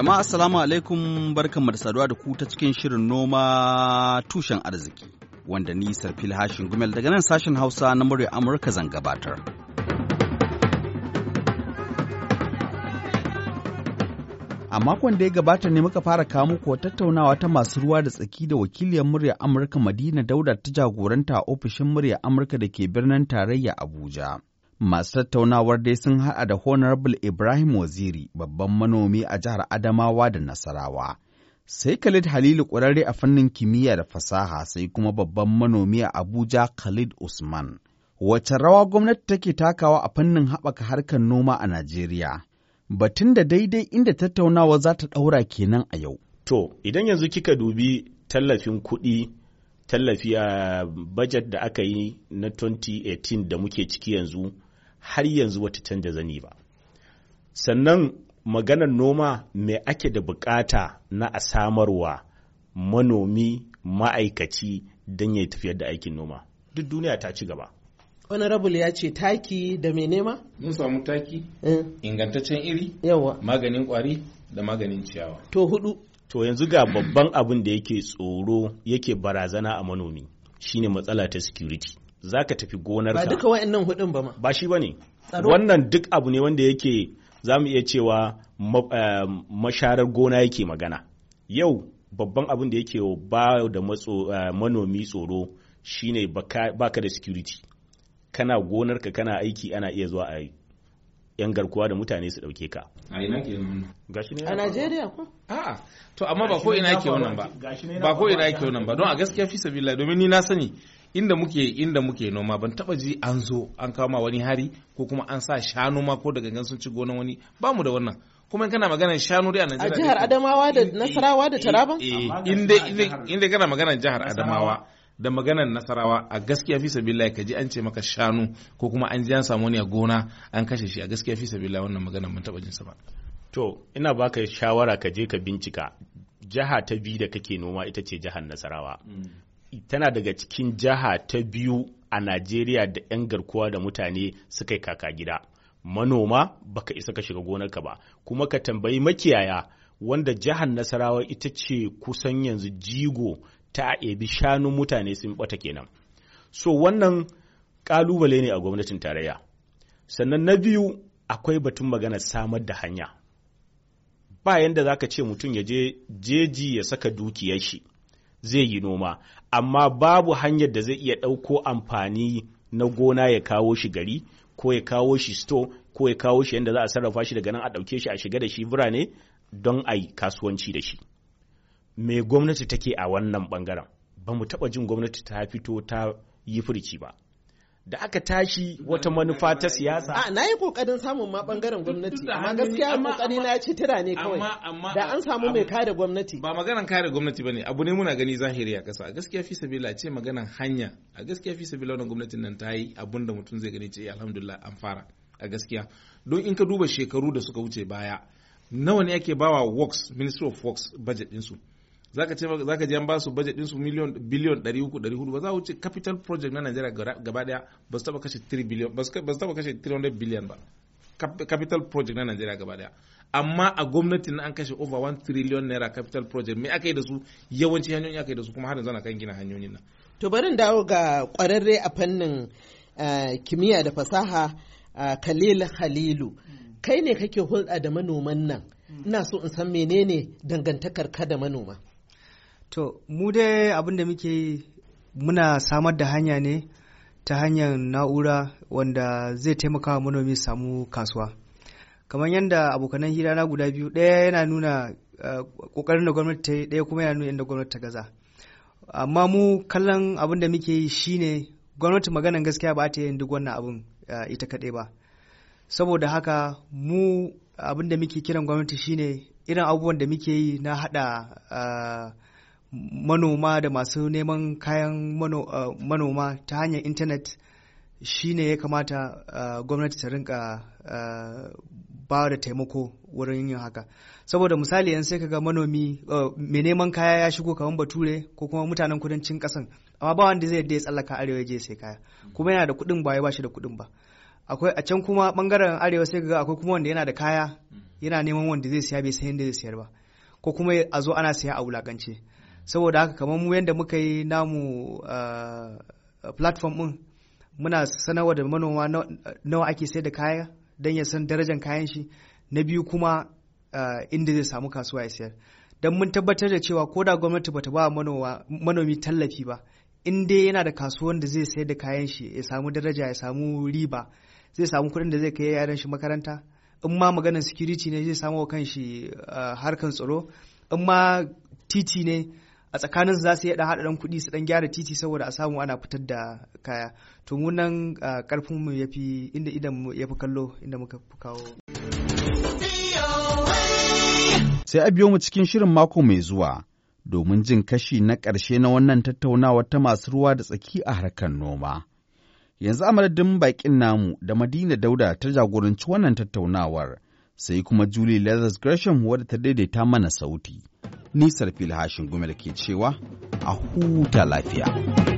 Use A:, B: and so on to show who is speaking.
A: Jama'a assalamu alaikum mu da saduwa da ku ta cikin shirin noma tushen arziki wanda ni Sarfil Hashin Gumel daga nan sashen Hausa na murya Amurka zan gabatar. A makon da ya gabata ne muka fara kawo muku tattaunawa ta masu ruwa da tsaki da wakiliyar murya Amurka Madina Dauda ta jagoranta ofishin murya Amurka da ke birnin tarayya Abuja. Masu tattaunawar dai sun haɗa da Honorable Ibrahim Waziri, babban manomi a jihar Adamawa da Nasarawa. Sai Khalid Halilu ƙwararre a fannin kimiyya da fasaha sai kuma babban manomi a Abuja Khalid Usman. Wace rawa gwamnati take takawa a fannin haɓaka harkar noma a Najeriya? Batun da daidai inda tattaunawa za ta ɗaura kenan a yau. To,
B: idan yanzu kika dubi tallafin kuɗi tallafi a bajet da aka yi na 2018 da muke ciki yanzu har yanzu wata canja zani ba sannan maganar noma mai ake da bukata na a samarwa manomi ma'aikaci don ya tafiyar da aikin noma duk duniya ta ci gaba
C: honorable ya ce taki da mai nema mun samu taki eh. ingantaccen iri maganin kwari da maganin ciyawa to hudu to yanzu ga babban abin da yake
B: tsoro yake barazana a manomi shine matsala ta security za ka tafi gonar ba duka
A: wa'annan hudun ba ma
B: ba shi ne wannan duk abu ne wanda yake za mu iya cewa eh, masharar gona yake magana yau babban abin da yake ba da eh, manomi tsoro shine baka da security kana gonarka kana aiki ana iya zuwa a yan garkuwa da mutane su dauke ka a ina ke
C: a Najeriya ko a'a to amma ba ko ina ke wannan ba ba ko ina ke wannan ba don a gaskiya fi sabila domin ni na sani inda muke inda muke noma ban taba ji an zo an kama wani hari ko kuma an sa shanu ma ko da gangan sun ci gonan wani ba mu da wannan kuma in kana magana shanu dai a Najeriya a jihar
A: Adamawa da eh, eh, Nasarawa da Taraba inda
C: inda kana magana jihar Adamawa da maganar Nasarawa a gaskiya fi sabilillahi kaji an ce maka shanu ko kuma an ji an samu wani a gona an kashe shi a gaskiya fi sabilillahi wannan magana ban taba jin sa ba to ina baka shawara ka je ka bincika jiha ta biyu da kake noma ita ce
B: jihar Nasarawa. Mm. tana daga cikin jiha ta biyu a Najeriya da 'yan garkuwa da mutane suka yi kaka gida. Manoma baka isa ka shiga gonarka ba, kuma ka tambayi makiyaya wanda jihar Nasarawa ita ce kusan yanzu jigo ta ebi shanu mutane sun bata kenan. So wannan kalubale ne a gwamnatin tarayya. Sannan na biyu akwai batun magana samar da hanya. Ba yanda za ka ce mutum ya je jeji ya saka dukiyar shi. zai yi noma amma babu hanyar da zai iya ɗauko amfani na gona ya kawo shi gari ko ya kawo shi store ko ya kawo shi yadda za a sarrafa shi daga nan a ɗauke shi a shiga da shi birane don a yi kasuwanci da shi me gwamnati take a wannan bangaren ba mu taɓa jin gwamnati ta fito ta yi furici ba da aka
C: tashi wata
B: manufa ta siyasa.
A: A na yi kokarin samun ma bangaren gwamnati amma gaskiya kokari na ci tira ne kawai. Da an samu mai
C: kare gwamnati. Ba maganan kare gwamnati bane abu ne muna gani zahiri ya kasa. A gaskiya fi sabila ce maganan hanya. A gaskiya fi sabila wannan gwamnatin nan ta yi abun da mutum zai gani ce eh, alhamdulillah an fara. A gaskiya don in ka duba shekaru da suka wuce baya nawa ne ake bawa works ministry of works budget ɗinsu. su. zaka ce zaka ji an ba su budget din su miliyon biliyon 300 400 ba za wuce capital project na Nigeria gaba daya ba su taba kashe 3 billion ba su taba kashe 300 billion ba capital project na Nigeria gaba daya amma a gwamnatin an kashe over 1 trillion naira capital project me aka yi da su yawanci hanyoyi aka yi da su kuma har yanzu ana kan gina hanyoyin nan
A: to bari in dawo ga kwararre a fannin eh, kimiyya da fasaha eh, Khalil Khalilu kai ne kake hulɗa da manoman nan mm. ina so in san menene dangantakar ka da manoma
D: To, mu dai abin da muke yi muna samar da hanya ne ta hanyar na'ura wanda zai taimaka wa manomi samu kasuwa. Kamar yadda abokanan hira na guda biyu ɗaya yana nuna eh, ƙoƙarin da gwamnati ta yi ɗaya kuma yana nuna yadda gwamnati ta gaza. Amma mu kallon abin da muke yi shine gwamnati maganan gaskiya ba ta yi duk wannan abin eh, ita kaɗai ba. Saboda haka mu abin da muke kiran gwamnati shine irin abubuwan da muke yi na haɗa eh, manoma da masu neman kayan uh, manoma ta hanyar intanet shi ne ya kamata uh, gwamnati ta rinka uh, ba da taimako wurin yin haka saboda misali yan sai kaga manomi mai neman kaya ya shigo kamar bature ko kuma mutanen kudancin kasan amma ba wanda zai ya tsallaka arewa je sai kaya kuma yana da kuɗin ba ya bashi da kuɗin ba akwai a can kuma bangaren arewa sai kaga akwai kuma wanda yana da kaya mm. yana neman wanda zai siya bai san yadda zai siyar ba ko kuma a zo ana siya a wulakance saboda haka kamar mu yadda muka yi namu platform din muna sanarwa da manoma nawa ake sayar da kaya don ya san darajar kayan shi na biyu kuma inda zai samu kasuwa ya sayar don mun tabbatar da cewa ko da gwamnati bata ba manomi tallafi ba in dai yana da kasuwan da zai sayar da kayan shi ya samu daraja ya samu riba zai samu kuɗin da zai kai yaran shi makaranta in ma maganar security ne zai samu wa shi harkan tsaro in ma titi ne a tsakanin za su dan haɗa dan kuɗi su dan gyara titi saboda a samu ana fitar da kaya to mu nan karfin mu yafi inda idan mu yafi kallo inda muka fi kawo
A: sai a biyo mu cikin shirin mako mai zuwa domin jin kashi na ƙarshe na wannan tattaunawar ta masu ruwa da tsaki a harkar noma yanzu a madadin baƙin namu da madina dauda ta jagoranci wannan tattaunawar sai kuma Julie Leathers Gresham wadda ta daidaita mana sauti. Nisar filhashin gumel ke cewa a huta lafiya.